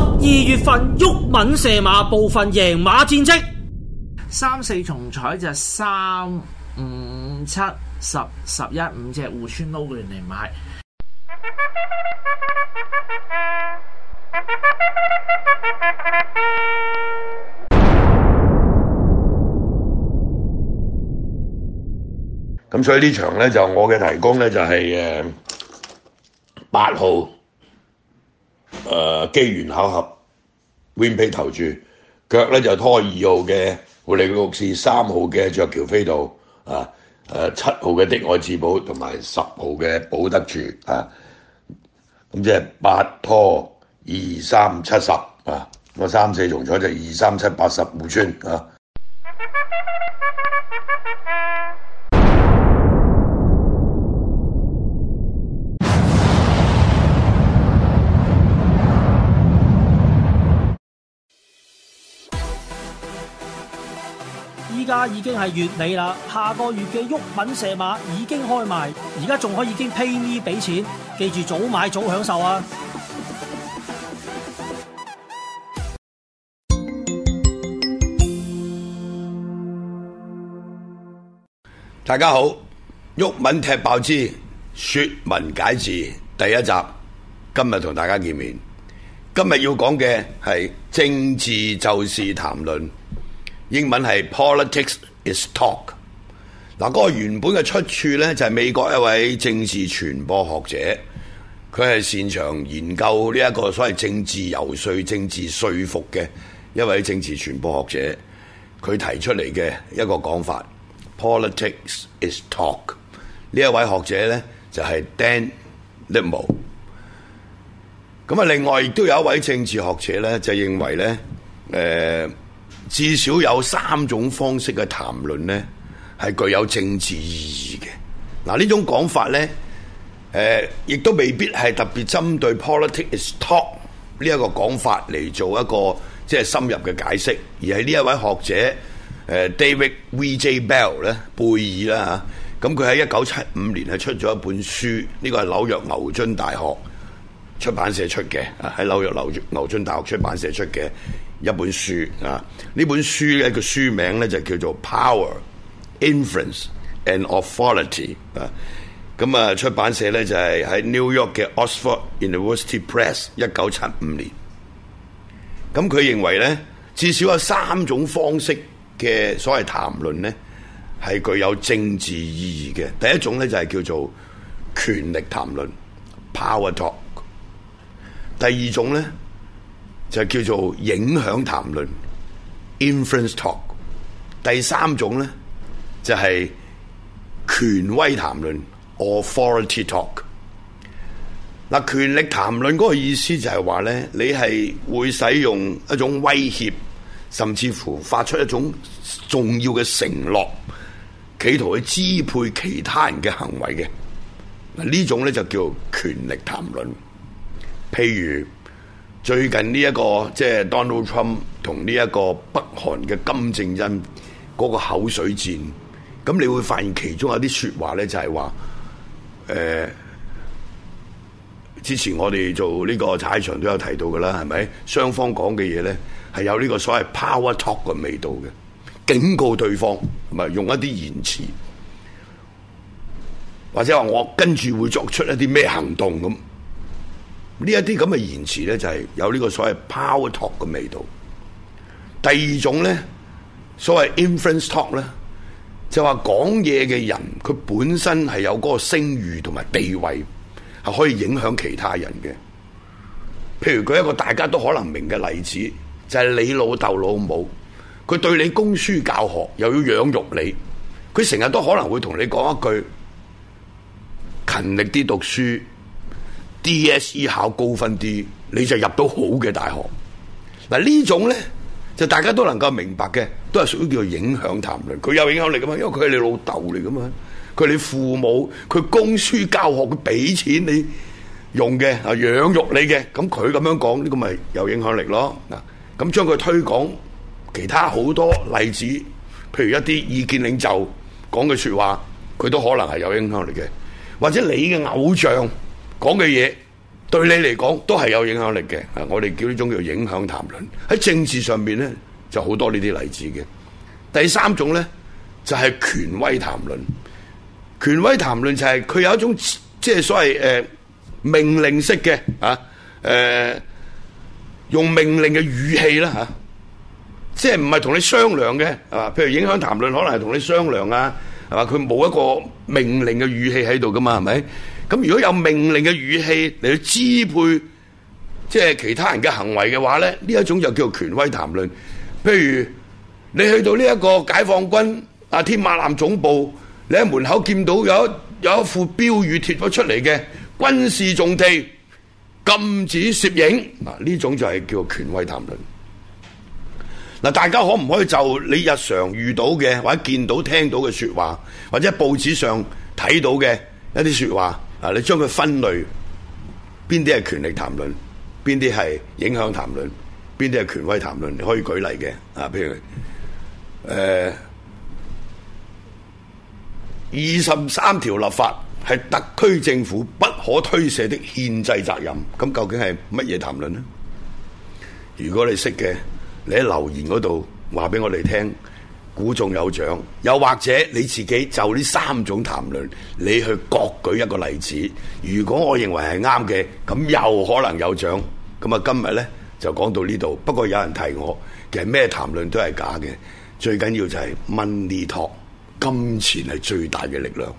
十二月份毓民射馬部分贏馬戰績，三四重彩就三五七十十一五隻戶村撈嘅人嚟買。咁所以呢場呢，就我嘅提供呢，就係誒八號。誒，機緣巧合，WinPay 投注腳咧就拖二號嘅霍利居士，三號嘅雀橋飛度啊，誒七號嘅的愛智寶同埋十號嘅保德住啊，咁即係八拖二三七十啊，個三四重彩就二三七八十互村。啊。依家已經係月尾啦，下個月嘅毓民射馬已經開賣，而家仲可以經 pay me 俾錢，記住早買早享受啊！大家好，毓民踢爆之說文解字第一集，今日同大家見面，今日要講嘅係政治就是談論。英文係 Politics is talk。嗱，嗰個原本嘅出處呢，就係美國一位政治傳播學者，佢係擅長研究呢一個所謂政治游説、政治說服嘅一位政治傳播學者，佢提出嚟嘅一個講法：Politics is talk。呢一位學者呢，就係 Dan Limbo。咁啊，另外亦都有一位政治學者呢，就認為呢。誒、呃。至少有三種方式嘅談論呢係具有政治意義嘅。嗱，呢種講法呢，誒，亦都未必係特別針對 politics talk 呢一個講法嚟做一個即係深入嘅解釋，而係呢一位學者 David V. J. Bell 咧，貝爾啦，咁佢喺一九七五年係出咗一本書，呢個係紐約牛津大學出版社出嘅，喺紐約牛牛津大學出版社出嘅。一本書啊，呢本書咧個書名咧就叫做 Power, Influence and Authority 啊，咁啊出版社咧就係喺 New York 嘅 Oxford University Press，一九七五年。咁佢認為咧，至少有三種方式嘅所謂談論咧係具有政治意義嘅。第一種咧就係叫做權力談論 （Power Talk），第二種咧。就叫做影響談論 i n f e r e n c e talk）。第三種呢就係、是、權威談論 （authority talk）。嗱，權力談論嗰個意思就係話呢，你係會使用一種威脅，甚至乎發出一種重要嘅承諾，企圖去支配其他人嘅行為嘅。嗱，呢種呢就叫做權力談論。譬如。最近呢一個即係 Donald Trump 同呢一個北韓嘅金正恩嗰個口水戰，咁你會發現其中有啲説話咧，就係話誒，之前我哋做呢個踩場都有提到㗎啦，係咪雙方講嘅嘢咧，係有呢個所謂 power talk 嘅味道嘅，警告對方係咪用一啲言辭，或者話我跟住會作出一啲咩行動咁。呢一啲咁嘅言詞咧，就係有呢個所謂 power talk 嘅味道。第二種咧，所謂 inference talk 咧，就話講嘢嘅人，佢本身係有嗰個聲譽同埋地位，係可以影響其他人嘅。譬如舉一個大家都可能明嘅例子，就係你老豆老母，佢對你供書教學，又要養育你，佢成日都可能會同你講一句，勤力啲讀書。DSE 考高分啲，你就入到好嘅大學。嗱，呢種咧，就大家都能夠明白嘅，都係屬於叫做影響談論。佢有影響力噶嘛？因為佢係你老豆嚟噶嘛，佢係你父母，佢供書教學，佢俾錢你用嘅，啊養育你嘅。咁佢咁樣講，呢個咪有影響力咯？嗱，咁將佢推廣其他好多例子，譬如一啲意見領袖講嘅說話，佢都可能係有影響力嘅，或者你嘅偶像。講嘅嘢對你嚟講都係有影響力嘅，我哋叫呢種叫影響談論。喺政治上面咧就好多呢啲例子嘅。第三種咧就係權威談論，權威談論就係佢有一種即係所謂誒命令式嘅，啊，誒用命令嘅語氣啦吓，即係唔係同你商量嘅，啊，譬如影響談論可能係同你商量啊。係嘛？佢冇一個命令嘅語氣喺度噶嘛？係咪？咁如果有命令嘅語氣嚟去支配，即係其他人嘅行為嘅話咧，呢一種就叫權威談論。譬如你去到呢一個解放軍、啊、天馬艦總部，你喺門口見到有一有一副標語貼咗出嚟嘅，軍事重地，禁止攝影。嗱、啊，呢種就係叫權威談論。嗱，大家可唔可以就你日常遇到嘅或者見到、聽到嘅説話，或者報紙上睇到嘅一啲説話，啊，你將佢分類，邊啲係權力談論，邊啲係影響談論，邊啲係權威談論，你可以舉例嘅，啊，譬如，誒、呃，二十三條立法係特區政府不可推卸的憲制責任，咁究竟係乜嘢談論呢？如果你識嘅。你喺留言嗰度話俾我哋聽，估中有獎，又或者你自己就呢三種談論你去各舉一個例子。如果我認為係啱嘅，咁又可能有獎，咁啊，今日咧就講到呢度。不過有人提我，其實咩談論都係假嘅。最緊要就係 money talk，金錢係最大嘅力量。